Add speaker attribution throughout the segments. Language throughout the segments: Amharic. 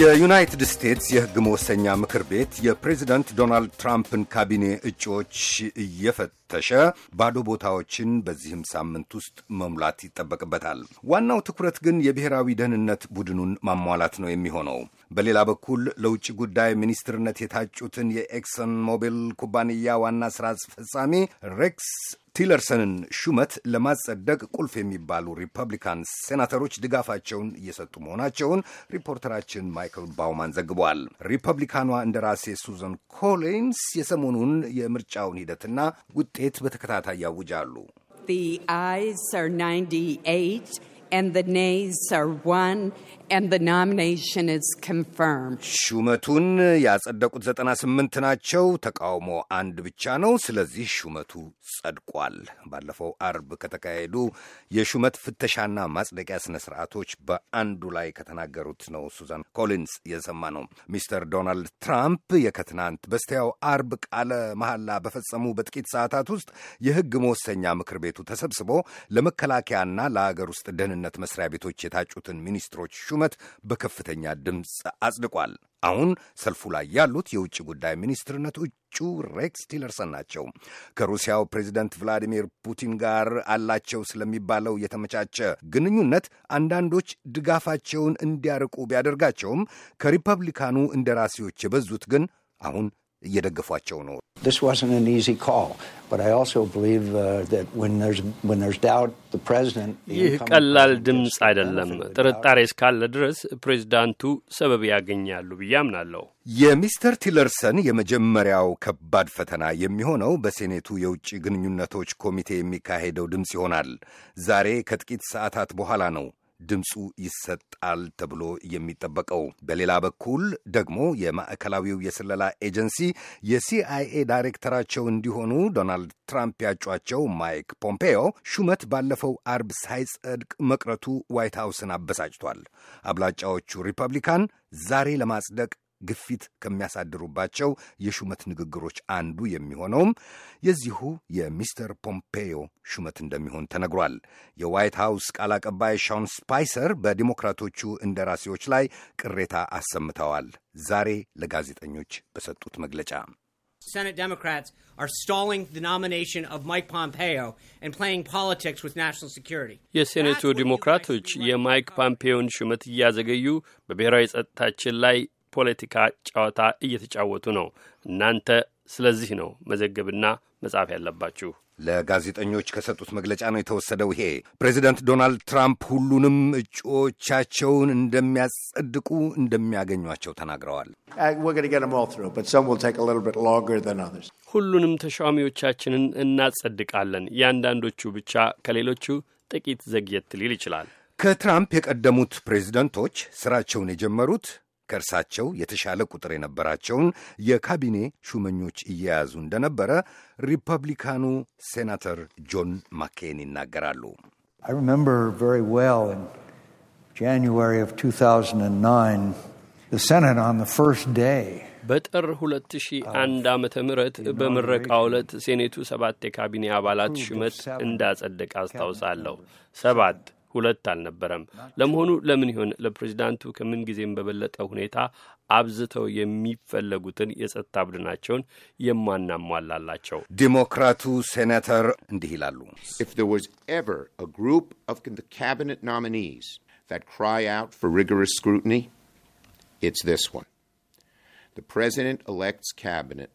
Speaker 1: የዩናይትድ ስቴትስ የሕግ መወሰኛ ምክር ቤት የፕሬዚደንት ዶናልድ ትራምፕን ካቢኔ እጩዎች እየፈተሸ ባዶ ቦታዎችን በዚህም ሳምንት ውስጥ መሙላት ይጠበቅበታል። ዋናው ትኩረት ግን የብሔራዊ ደህንነት ቡድኑን ማሟላት ነው የሚሆነው። በሌላ በኩል ለውጭ ጉዳይ ሚኒስትርነት የታጩትን የኤክሰን ሞቢል ኩባንያ ዋና ስራ አስፈጻሚ ሬክስ ቲለርሰንን ሹመት ለማጸደቅ ቁልፍ የሚባሉ ሪፐብሊካን ሴናተሮች ድጋፋቸውን እየሰጡ መሆናቸውን ሪፖርተራችን ማይክል ባውማን ዘግቧል። ሪፐብሊካኗ እንደራሴ ሱዘን ኮሊንስ የሰሞኑን የምርጫውን ሂደትና ውጤት በተከታታይ ያውጃሉ።
Speaker 2: and the nays are one and the nomination is confirmed.
Speaker 1: ሹመቱን ያጸደቁት 98 ናቸው፣ ተቃውሞ አንድ ብቻ ነው። ስለዚህ ሹመቱ ጸድቋል። ባለፈው አርብ ከተካሄዱ የሹመት ፍተሻና ማጽደቂያ ስነ ስርዓቶች በአንዱ ላይ ከተናገሩት ነው ሱዛን ኮሊንስ የሰማ ነው። ሚስተር ዶናልድ ትራምፕ የከትናንት በስቲያው አርብ ቃለ መሐላ በፈጸሙ በጥቂት ሰዓታት ውስጥ የህግ መወሰኛ ምክር ቤቱ ተሰብስቦ ለመከላከያና ለአገር ውስጥ ደህንነት በደህንነት መስሪያ ቤቶች የታጩትን ሚኒስትሮች ሹመት በከፍተኛ ድምፅ አጽድቋል። አሁን ሰልፉ ላይ ያሉት የውጭ ጉዳይ ሚኒስትርነት እጩ ሬክስ ቲለርሰን ናቸው። ከሩሲያው ፕሬዚደንት ቭላዲሚር ፑቲን ጋር አላቸው ስለሚባለው የተመቻቸ ግንኙነት አንዳንዶች ድጋፋቸውን እንዲያርቁ ቢያደርጋቸውም ከሪፐብሊካኑ እንደራሴዎች የበዙት ግን አሁን እየደገፏቸው ነው። this wasn't an easy call. Uh, ይህ
Speaker 2: ቀላል ድምፅ አይደለም። ጥርጣሬ እስካለ ድረስ ፕሬዚዳንቱ ሰበብ ያገኛሉ ብዬ አምናለሁ።
Speaker 1: የሚስተር ቲለርሰን የመጀመሪያው ከባድ ፈተና የሚሆነው በሴኔቱ የውጭ ግንኙነቶች ኮሚቴ የሚካሄደው ድምፅ ይሆናል። ዛሬ ከጥቂት ሰዓታት በኋላ ነው ድምፁ ይሰጣል ተብሎ የሚጠበቀው። በሌላ በኩል ደግሞ የማዕከላዊው የስለላ ኤጀንሲ የሲአይኤ ዳይሬክተራቸው እንዲሆኑ ዶናልድ ትራምፕ ያጯቸው ማይክ ፖምፔዮ ሹመት ባለፈው አርብ ሳይጸድቅ መቅረቱ ዋይት ሀውስን አበሳጭቷል። አብላጫዎቹ ሪፐብሊካን ዛሬ ለማጽደቅ ግፊት ከሚያሳድሩባቸው የሹመት ንግግሮች አንዱ የሚሆነውም የዚሁ የሚስተር ፖምፔዮ ሹመት እንደሚሆን ተነግሯል። የዋይት ሃውስ ቃል አቀባይ ሻውን ስፓይሰር በዲሞክራቶቹ እንደራሴዎች ላይ ቅሬታ አሰምተዋል። ዛሬ ለጋዜጠኞች በሰጡት መግለጫ Senate Democrats are stalling the nomination of Mike Pompeo and playing politics with national security.
Speaker 2: የሴኔቱ ዲሞክራቶች የማይክ ፖምፔዮን ሹመት እያዘገዩ በብሔራዊ ጸጥታችን ላይ ፖለቲካ ጨዋታ እየተጫወቱ ነው። እናንተ ስለዚህ
Speaker 1: ነው መዘገብና መጻፍ ያለባችሁ። ለጋዜጠኞች ከሰጡት መግለጫ ነው የተወሰደው። ይሄ ፕሬዚደንት ዶናልድ ትራምፕ ሁሉንም እጩዎቻቸውን እንደሚያጸድቁ እንደሚያገኟቸው ተናግረዋል። uh,
Speaker 2: ሁሉንም ተሿሚዎቻችንን እናጸድቃለን። የአንዳንዶቹ ብቻ ከሌሎቹ ጥቂት ዘግየት ሊል ይችላል።
Speaker 1: ከትራምፕ የቀደሙት ፕሬዚደንቶች ስራቸውን የጀመሩት ከእርሳቸው የተሻለ ቁጥር የነበራቸውን የካቢኔ ሹመኞች እየያዙ እንደነበረ ሪፐብሊካኑ ሴናተር ጆን ማኬን ይናገራሉ።
Speaker 2: በጥር 2001 ዓ ም በምረቃ ዕለት ሴኔቱ ሰባት የካቢኔ አባላት ሹመት እንዳጸደቀ አስታውሳለሁ። ሰባት ሁለት አልነበረም። ለመሆኑ ለምን ይሆን ለፕሬዚዳንቱ ከምን ጊዜም በበለጠ ሁኔታ አብዝተው የሚፈለጉትን የጸጥታ ቡድናቸውን የማናሟላላቸው?
Speaker 1: ዲሞክራቱ ሴናተር እንዲህ ይላሉ። ፕሬዚደንት ኤሌክትስ ካቢኔት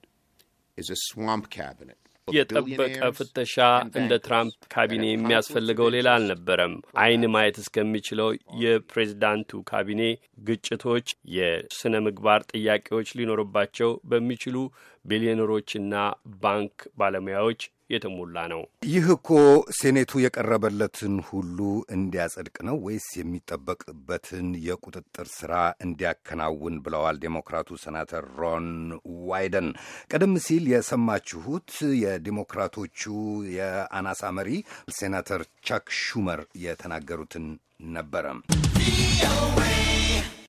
Speaker 1: is a swamp cabinet. የጠበቀ
Speaker 2: ፍተሻ እንደ ትራምፕ ካቢኔ የሚያስፈልገው ሌላ አልነበረም። አይን ማየት እስከሚችለው የፕሬዝዳንቱ ካቢኔ ግጭቶች፣ የሥነ ምግባር ጥያቄዎች ሊኖርባቸው በሚችሉ ቢሊዮነሮችና ባንክ ባለሙያዎች የተሞላ ነው።
Speaker 1: ይህ እኮ ሴኔቱ የቀረበለትን ሁሉ እንዲያጸድቅ ነው ወይስ የሚጠበቅበትን የቁጥጥር ስራ እንዲያከናውን ብለዋል ዴሞክራቱ ሰናተር ሮን ዋይደን። ቀደም ሲል የሰማችሁት የዴሞክራቶቹ የአናሳ መሪ ሴናተር ቻክ ሹመር የተናገሩትን ነበረ።